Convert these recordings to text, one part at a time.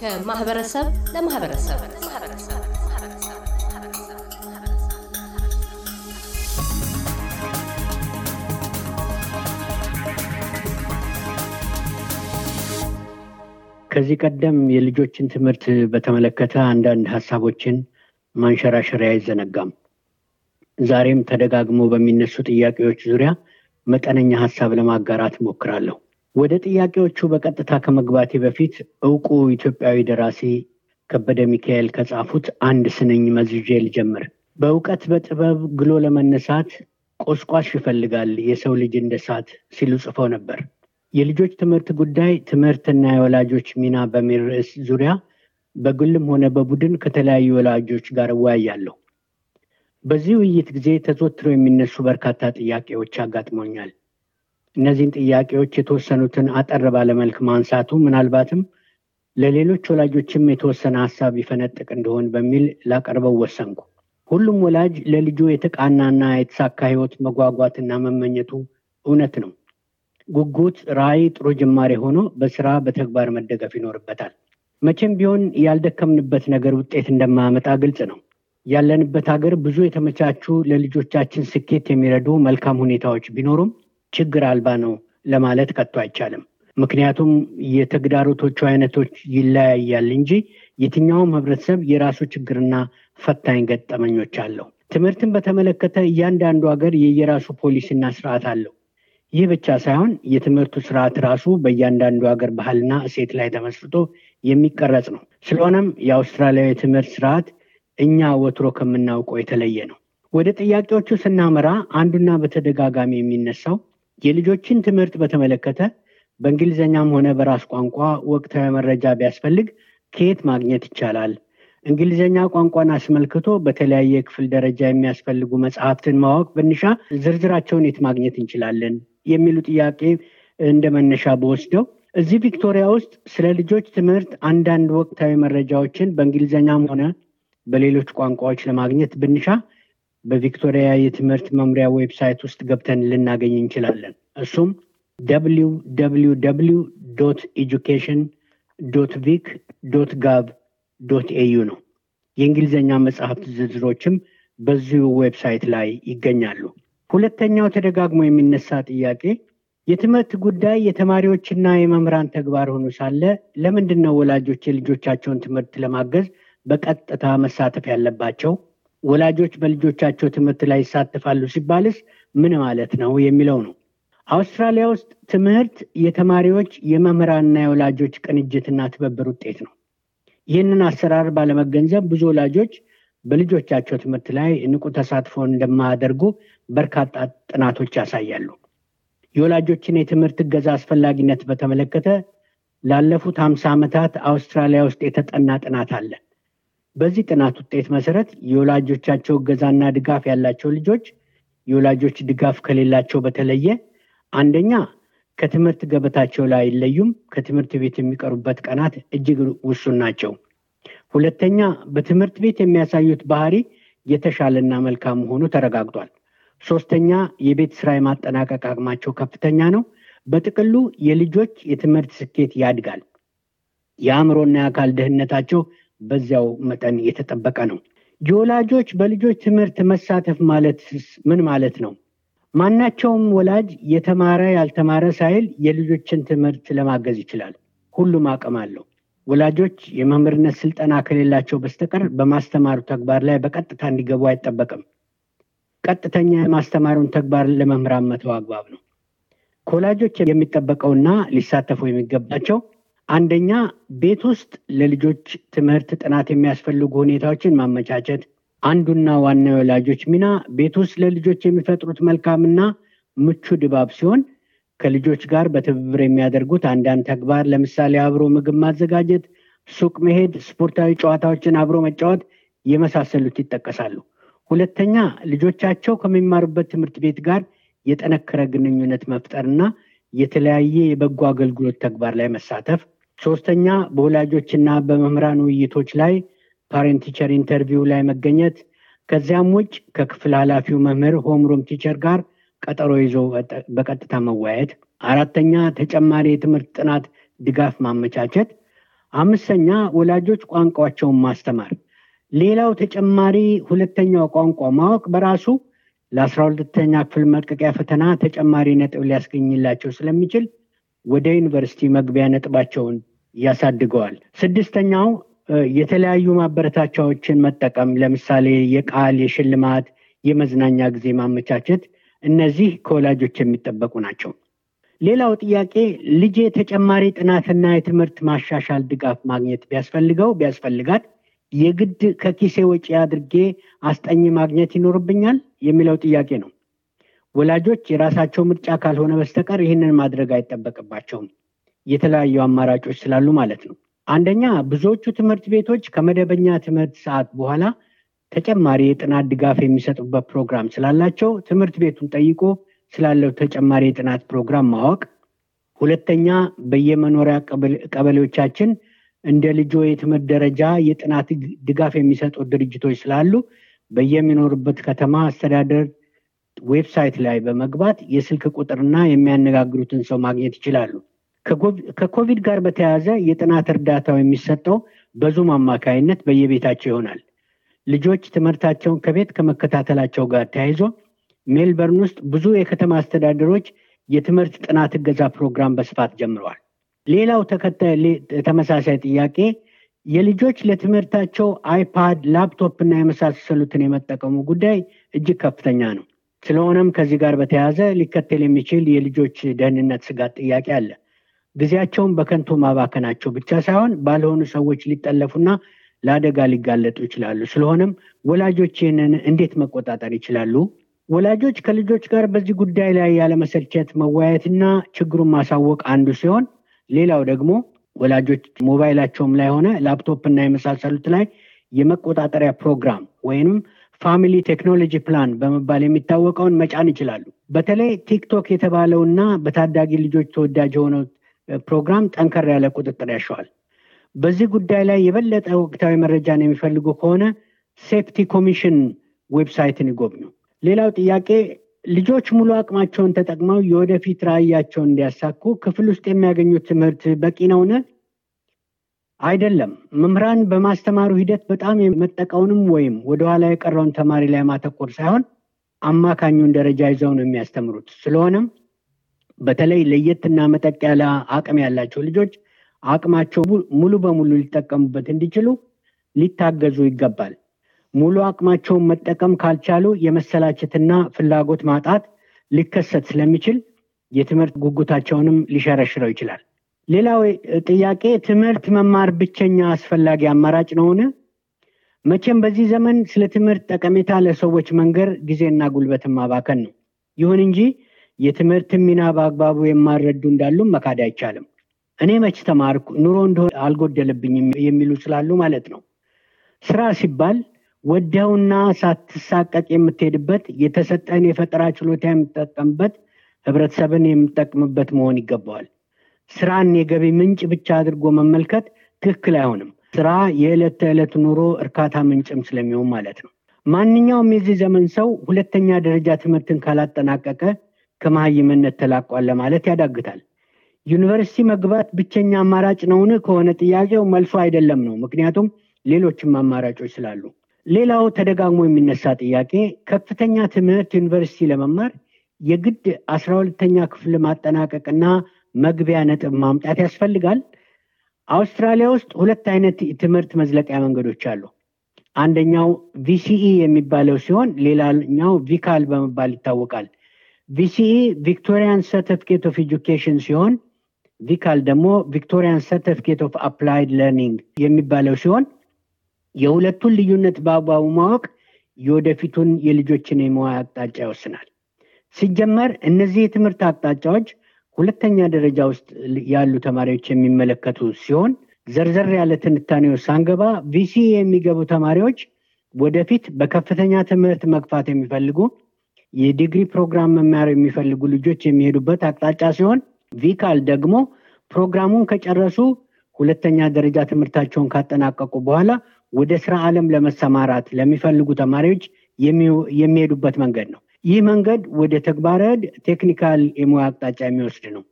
ከማህበረሰብ ለማህበረሰብ ከዚህ ቀደም የልጆችን ትምህርት በተመለከተ አንዳንድ ሀሳቦችን ማንሸራሸሪያ አይዘነጋም። ዛሬም ተደጋግሞ በሚነሱ ጥያቄዎች ዙሪያ መጠነኛ ሀሳብ ለማጋራት ሞክራለሁ ወደ ጥያቄዎቹ በቀጥታ ከመግባቴ በፊት እውቁ ኢትዮጵያዊ ደራሲ ከበደ ሚካኤል ከጻፉት አንድ ስንኝ መዝጄ ልጀምር። በእውቀት በጥበብ ግሎ ለመነሳት ቆስቋሽ ይፈልጋል የሰው ልጅ እንደሳት ሲሉ ጽፈው ነበር። የልጆች ትምህርት ጉዳይ ትምህርትና የወላጆች ሚና በሚል ርዕስ ዙሪያ በግልም ሆነ በቡድን ከተለያዩ ወላጆች ጋር እወያያለሁ። በዚህ ውይይት ጊዜ ተዘወትረው የሚነሱ በርካታ ጥያቄዎች አጋጥሞኛል። እነዚህን ጥያቄዎች የተወሰኑትን አጠር ባለመልክ ማንሳቱ ምናልባትም ለሌሎች ወላጆችም የተወሰነ ሀሳብ ይፈነጥቅ እንደሆን በሚል ላቀርበው ወሰንኩ። ሁሉም ወላጅ ለልጁ የተቃናና የተሳካ ህይወት መጓጓትና መመኘቱ እውነት ነው። ጉጉት፣ ራይ ጥሩ ጅማሬ ሆኖ በስራ በተግባር መደገፍ ይኖርበታል። መቼም ቢሆን ያልደከምንበት ነገር ውጤት እንደማያመጣ ግልጽ ነው። ያለንበት ሀገር ብዙ የተመቻቹ ለልጆቻችን ስኬት የሚረዱ መልካም ሁኔታዎች ቢኖሩም ችግር አልባ ነው ለማለት ከቶ አይቻልም። ምክንያቱም የተግዳሮቶቹ አይነቶች ይለያያል እንጂ የትኛውም ህብረተሰብ የራሱ ችግርና ፈታኝ ገጠመኞች አለው። ትምህርትን በተመለከተ እያንዳንዱ ሀገር የየራሱ ፖሊሲና ስርዓት አለው። ይህ ብቻ ሳይሆን የትምህርቱ ስርዓት ራሱ በእያንዳንዱ ሀገር ባህልና እሴት ላይ ተመስርቶ የሚቀረጽ ነው። ስለሆነም የአውስትራሊያዊ ትምህርት ስርዓት እኛ ወትሮ ከምናውቀው የተለየ ነው። ወደ ጥያቄዎቹ ስናመራ አንዱና በተደጋጋሚ የሚነሳው የልጆችን ትምህርት በተመለከተ በእንግሊዝኛም ሆነ በራስ ቋንቋ ወቅታዊ መረጃ ቢያስፈልግ ከየት ማግኘት ይቻላል? እንግሊዝኛ ቋንቋን አስመልክቶ በተለያየ ክፍል ደረጃ የሚያስፈልጉ መጽሐፍትን ማወቅ ብንሻ ዝርዝራቸውን የት ማግኘት እንችላለን? የሚሉ ጥያቄ እንደ መነሻ በወስደው እዚህ ቪክቶሪያ ውስጥ ስለ ልጆች ትምህርት አንዳንድ ወቅታዊ መረጃዎችን በእንግሊዝኛም ሆነ በሌሎች ቋንቋዎች ለማግኘት ብንሻ በቪክቶሪያ የትምህርት መምሪያ ዌብሳይት ውስጥ ገብተን ልናገኝ እንችላለን። እሱም ኤጁኬሽን ቪክ ዶት ጋቭ ዶት ኤዩ ነው። የእንግሊዝኛ መጽሐፍት ዝርዝሮችም በዚሁ ዌብሳይት ላይ ይገኛሉ። ሁለተኛው ተደጋግሞ የሚነሳ ጥያቄ የትምህርት ጉዳይ የተማሪዎችና የመምህራን ተግባር ሆኖ ሳለ ለምንድን ነው ወላጆች የልጆቻቸውን ትምህርት ለማገዝ በቀጥታ መሳተፍ ያለባቸው? ወላጆች በልጆቻቸው ትምህርት ላይ ይሳተፋሉ ሲባልስ ምን ማለት ነው የሚለው ነው። አውስትራሊያ ውስጥ ትምህርት የተማሪዎች የመምህራንና የወላጆች ቅንጅትና ትብብር ውጤት ነው። ይህንን አሰራር ባለመገንዘብ ብዙ ወላጆች በልጆቻቸው ትምህርት ላይ ንቁ ተሳትፎ እንደማያደርጉ በርካታ ጥናቶች ያሳያሉ። የወላጆችን የትምህርት እገዛ አስፈላጊነት በተመለከተ ላለፉት ሀምሳ ዓመታት አውስትራሊያ ውስጥ የተጠና ጥናት አለ። በዚህ ጥናት ውጤት መሰረት የወላጆቻቸው እገዛና ድጋፍ ያላቸው ልጆች የወላጆች ድጋፍ ከሌላቸው በተለየ አንደኛ ከትምህርት ገበታቸው ላይ አይለዩም። ከትምህርት ቤት የሚቀሩበት ቀናት እጅግ ውሱን ናቸው። ሁለተኛ በትምህርት ቤት የሚያሳዩት ባህሪ የተሻለና መልካም መሆኑ ተረጋግጧል። ሶስተኛ የቤት ስራ የማጠናቀቅ አቅማቸው ከፍተኛ ነው። በጥቅሉ የልጆች የትምህርት ስኬት ያድጋል። የአእምሮና የአካል ደህንነታቸው በዚያው መጠን የተጠበቀ ነው። የወላጆች በልጆች ትምህርት መሳተፍ ማለት ምን ማለት ነው? ማናቸውም ወላጅ የተማረ ያልተማረ ሳይል የልጆችን ትምህርት ለማገዝ ይችላል። ሁሉም አቅም አለው። ወላጆች የመምህርነት ስልጠና ከሌላቸው በስተቀር በማስተማሩ ተግባር ላይ በቀጥታ እንዲገቡ አይጠበቅም። ቀጥተኛ የማስተማሩን ተግባር ለመምህራን መተው አግባብ ነው። ከወላጆች የሚጠበቀውና ሊሳተፉ የሚገባቸው አንደኛ ቤት ውስጥ ለልጆች ትምህርት ጥናት የሚያስፈልጉ ሁኔታዎችን ማመቻቸት። አንዱና ዋና የወላጆች ሚና ቤት ውስጥ ለልጆች የሚፈጥሩት መልካምና ምቹ ድባብ ሲሆን ከልጆች ጋር በትብብር የሚያደርጉት አንዳንድ ተግባር ለምሳሌ አብሮ ምግብ ማዘጋጀት፣ ሱቅ መሄድ፣ ስፖርታዊ ጨዋታዎችን አብሮ መጫወት የመሳሰሉት ይጠቀሳሉ። ሁለተኛ ልጆቻቸው ከሚማሩበት ትምህርት ቤት ጋር የጠነከረ ግንኙነት መፍጠርና የተለያየ የበጎ አገልግሎት ተግባር ላይ መሳተፍ ሶስተኛ በወላጆችና በመምህራን ውይይቶች ላይ ፓሬንቲቸር ኢንተርቪው ላይ መገኘት፣ ከዚያም ውጭ ከክፍል ኃላፊው መምህር ሆምሩም ቲቸር ጋር ቀጠሮ ይዞ በቀጥታ መወያየት። አራተኛ ተጨማሪ የትምህርት ጥናት ድጋፍ ማመቻቸት። አምስተኛ ወላጆች ቋንቋቸውን ማስተማር። ሌላው ተጨማሪ ሁለተኛው ቋንቋ ማወቅ በራሱ ለአስራ ሁለተኛ ክፍል መልቀቂያ ፈተና ተጨማሪ ነጥብ ሊያስገኝላቸው ስለሚችል ወደ ዩኒቨርሲቲ መግቢያ ነጥባቸውን ያሳድገዋል። ስድስተኛው የተለያዩ ማበረታቻዎችን መጠቀም፣ ለምሳሌ የቃል፣ የሽልማት፣ የመዝናኛ ጊዜ ማመቻቸት። እነዚህ ከወላጆች የሚጠበቁ ናቸው። ሌላው ጥያቄ ልጄ ተጨማሪ ጥናትና የትምህርት ማሻሻል ድጋፍ ማግኘት ቢያስፈልገው ቢያስፈልጋት የግድ ከኪሴ ወጪ አድርጌ አስጠኝ ማግኘት ይኖርብኛል የሚለው ጥያቄ ነው። ወላጆች የራሳቸው ምርጫ ካልሆነ በስተቀር ይህንን ማድረግ አይጠበቅባቸውም። የተለያዩ አማራጮች ስላሉ ማለት ነው። አንደኛ ብዙዎቹ ትምህርት ቤቶች ከመደበኛ ትምህርት ሰዓት በኋላ ተጨማሪ የጥናት ድጋፍ የሚሰጡበት ፕሮግራም ስላላቸው ትምህርት ቤቱን ጠይቆ ስላለው ተጨማሪ የጥናት ፕሮግራም ማወቅ። ሁለተኛ በየመኖሪያ ቀበሌዎቻችን እንደ ልጆ የትምህርት ደረጃ የጥናት ድጋፍ የሚሰጡ ድርጅቶች ስላሉ በየሚኖርበት ከተማ አስተዳደር ዌብሳይት ላይ በመግባት የስልክ ቁጥርና የሚያነጋግሩትን ሰው ማግኘት ይችላሉ። ከኮቪድ ጋር በተያያዘ የጥናት እርዳታው የሚሰጠው በዙም አማካይነት በየቤታቸው ይሆናል። ልጆች ትምህርታቸውን ከቤት ከመከታተላቸው ጋር ተያይዞ ሜልበርን ውስጥ ብዙ የከተማ አስተዳደሮች የትምህርት ጥናት እገዛ ፕሮግራም በስፋት ጀምረዋል። ሌላው ተመሳሳይ ጥያቄ የልጆች ለትምህርታቸው አይፓድ፣ ላፕቶፕ እና የመሳሰሉትን የመጠቀሙ ጉዳይ እጅግ ከፍተኛ ነው። ስለሆነም ከዚህ ጋር በተያያዘ ሊከተል የሚችል የልጆች ደህንነት ስጋት ጥያቄ አለ። ጊዜያቸውን በከንቱ ማባከናቸው ብቻ ሳይሆን ባልሆኑ ሰዎች ሊጠለፉና ለአደጋ ሊጋለጡ ይችላሉ። ስለሆነም ወላጆች ይህንን እንዴት መቆጣጠር ይችላሉ? ወላጆች ከልጆች ጋር በዚህ ጉዳይ ላይ ያለመሰልቸት መወያየትና ችግሩን ማሳወቅ አንዱ ሲሆን፣ ሌላው ደግሞ ወላጆች ሞባይላቸውም ላይ ሆነ ላፕቶፕ እና የመሳሰሉት ላይ የመቆጣጠሪያ ፕሮግራም ወይንም ፋሚሊ ቴክኖሎጂ ፕላን በመባል የሚታወቀውን መጫን ይችላሉ። በተለይ ቲክቶክ የተባለውና በታዳጊ ልጆች ተወዳጅ የሆነው ፕሮግራም ጠንከር ያለ ቁጥጥር ያሸዋል በዚህ ጉዳይ ላይ የበለጠ ወቅታዊ መረጃን የሚፈልጉ ከሆነ ሴፍቲ ኮሚሽን ዌብሳይትን ይጎብኙ። ሌላው ጥያቄ ልጆች ሙሉ አቅማቸውን ተጠቅመው የወደፊት ራእያቸውን እንዲያሳኩ ክፍል ውስጥ የሚያገኙት ትምህርት በቂ ነውን? አይደለም። መምህራን በማስተማሩ ሂደት በጣም የመጠቀውንም ወይም ወደኋላ የቀረውን ተማሪ ላይ ማተኮር ሳይሆን አማካኙን ደረጃ ይዘው ነው የሚያስተምሩት። ስለሆነም በተለይ ለየትና መጠቅ ያለ አቅም ያላቸው ልጆች አቅማቸው ሙሉ በሙሉ ሊጠቀሙበት እንዲችሉ ሊታገዙ ይገባል። ሙሉ አቅማቸውን መጠቀም ካልቻሉ የመሰላቸትና ፍላጎት ማጣት ሊከሰት ስለሚችል የትምህርት ጉጉታቸውንም ሊሸረሽረው ይችላል። ሌላው ጥያቄ ትምህርት መማር ብቸኛ አስፈላጊ አማራጭ ነውን? መቼም በዚህ ዘመን ስለ ትምህርት ጠቀሜታ ለሰዎች መንገር ጊዜና ጉልበት ማባከን ነው። ይሁን እንጂ የትምህርት ሚና በአግባቡ የማረዱ እንዳሉም መካድ አይቻልም። እኔ መች ተማርኩ ኑሮ እንደሆነ አልጎደለብኝም የሚሉ ስላሉ ማለት ነው። ስራ ሲባል ወደውና ሳትሳቀቅ የምትሄድበት የተሰጠን የፈጠራ ችሎታ የምትጠቀምበት ህብረተሰብን የምጠቅምበት መሆን ይገባዋል። ስራን የገቢ ምንጭ ብቻ አድርጎ መመልከት ትክክል አይሆንም። ስራ የዕለት ተዕለት ኑሮ እርካታ ምንጭም ስለሚሆን ማለት ነው። ማንኛውም የዚህ ዘመን ሰው ሁለተኛ ደረጃ ትምህርትን ካላጠናቀቀ ከመሀይምነት ተላቋል ለማለት ያዳግታል። ዩኒቨርሲቲ መግባት ብቸኛ አማራጭ ነውን ከሆነ ጥያቄው መልሶ አይደለም ነው። ምክንያቱም ሌሎችም አማራጮች ስላሉ። ሌላው ተደጋግሞ የሚነሳ ጥያቄ ከፍተኛ ትምህርት ዩኒቨርሲቲ ለመማር የግድ አስራ ሁለተኛ ክፍል ማጠናቀቅና መግቢያ ነጥብ ማምጣት ያስፈልጋል። አውስትራሊያ ውስጥ ሁለት አይነት ትምህርት መዝለቂያ መንገዶች አሉ። አንደኛው ቪሲኢ የሚባለው ሲሆን ሌላኛው ቪካል በመባል ይታወቃል። ቪሲኢ ቪክቶሪያን ሰርቲፊኬት ኦፍ ኤጁኬሽን ሲሆን ቪካል ደግሞ ቪክቶሪያን ሰርቲፊኬት ኦፍ አፕላይድ ለርኒንግ የሚባለው ሲሆን የሁለቱን ልዩነት በአግባቡ ማወቅ የወደፊቱን የልጆችን የመዋ አቅጣጫ ይወስናል። ሲጀመር እነዚህ የትምህርት አቅጣጫዎች ሁለተኛ ደረጃ ውስጥ ያሉ ተማሪዎች የሚመለከቱ ሲሆን ዘርዘር ያለ ትንታኔው ሳንገባ ቪሲ የሚገቡ ተማሪዎች ወደፊት በከፍተኛ ትምህርት መግፋት የሚፈልጉ የዲግሪ ፕሮግራም መማር የሚፈልጉ ልጆች የሚሄዱበት አቅጣጫ ሲሆን ቪካል ደግሞ ፕሮግራሙን ከጨረሱ ሁለተኛ ደረጃ ትምህርታቸውን ካጠናቀቁ በኋላ ወደ ስራ ዓለም ለመሰማራት ለሚፈልጉ ተማሪዎች የሚሄዱበት መንገድ ነው። ይህ መንገድ ወደ ተግባረ ቴክኒካል የሙያ አቅጣጫ የሚወስድ ነው።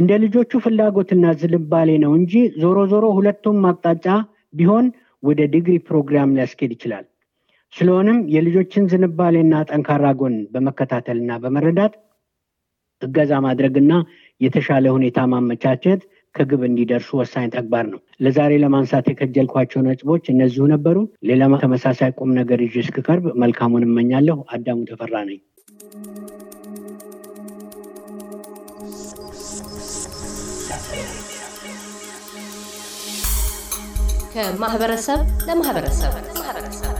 እንደ ልጆቹ ፍላጎትና ዝንባሌ ነው እንጂ ዞሮ ዞሮ ሁለቱም አቅጣጫ ቢሆን ወደ ዲግሪ ፕሮግራም ሊያስኬድ ይችላል። ስለሆነም የልጆችን ዝንባሌና ጠንካራ ጎን በመከታተልና በመረዳት እገዛ ማድረግና የተሻለ ሁኔታ ማመቻቸት ከግብ እንዲደርሱ ወሳኝ ተግባር ነው። ለዛሬ ለማንሳት የከጀልኳቸው ነጥቦች እነዚሁ ነበሩ። ሌላ ተመሳሳይ ቁም ነገር ይዤ እስክቀርብ መልካሙን እመኛለሁ። አዳሙ ተፈራ ነኝ። ከማህበረሰብ ለማህበረሰብ